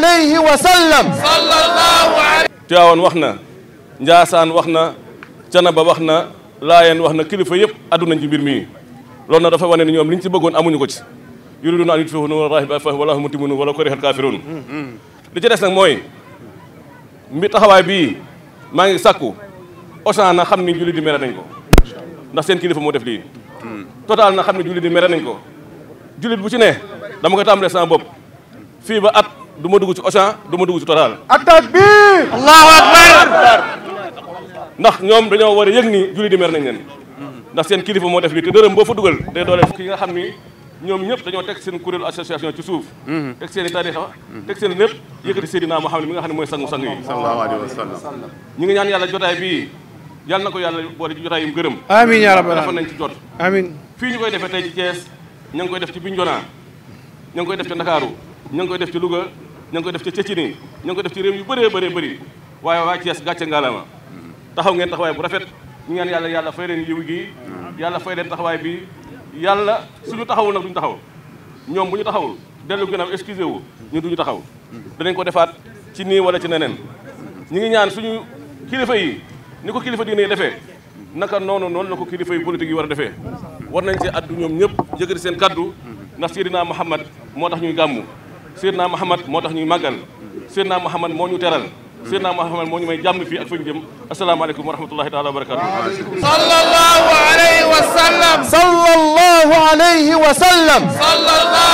alayhi wa sallam wax na Njaasaan wax na Canaba wax na Laayeen wax na kilifa yëpp àdduna ci mbir mii loolu dafa wane ne ñoom ci bëggoon amuñu ko ci yuriiduuna an yutfi'u nuura llaahi bi afwaahihim wallaahu mutimmu nuurihi walaw kariha l-kaafiruun li ci des nag mooy mbi taxawaay bii maa ngi sàkku Auchan na xam ni julli di mere nañ ko ndax seen kilifa moo def lii total na xam ne julli di mere nañ ko jullit bu ci ne dama koy tàmbalee sama bopp fii ba at duma dugg ci Auchan duma dugg ci Total. attaque bi. allahu akbar. ndax ñom dañu wara yegni julli di mer nañ len ndax seen kilifa mo def lii te deureum bo fa duggal day doole ki nga xamni ñom ñep dañu tek seen kurel association ci souf mhm. tek seen tarixa tek seen nepp yëkkati Seydina Muhammad mi nga xamni moy sangu sangu yi sallallahu alaihi wasallam ñi nga ñaan yalla jotay bi yalla nako yalla yàlla boole ci jotaay yu gërëm amiin yaa rabbal alamin amin fi ñu koy defee tay ci Thiès ñang koy def ci Bignona ña ngi koy def ci dakaru ñang koy def ci Louga ña ngi def ci ciini ña ngi def ci rew yu bëre bëre bëri waaye ci Thiès gatcha ngalama taxaw ngeen taxaway bu rafet ñu ngeen yalla yalla fay leen yiwu gi yalla fay leen taxaway bi yalla suñu taxawul nak duñu taxaw ñom buñu ñu taxawul dellu gannaaw excusé wu ñu duñu taxaw danañ ko defaat ci ni wala ci nenen ñi ngi ñaan suñu kilifa yi ni ko kilifa diine defé naka nonu non la ko kilifa yi politique yi wara defé war nañ ci addu ñom ñëpp yëkkati seen kaddu ndax Seydina Muhammad motax ñuy gamu Sirna Muhammad moo tax ñuy magal sirna Muhammad moo ñu teral sirna Muhammad moo ñu may jamm fi ak fuñu dem assalamu alaykum wa rahmatullahi taala wa sallallahu alayhi wa sallam sallallahu alayhi wa sallam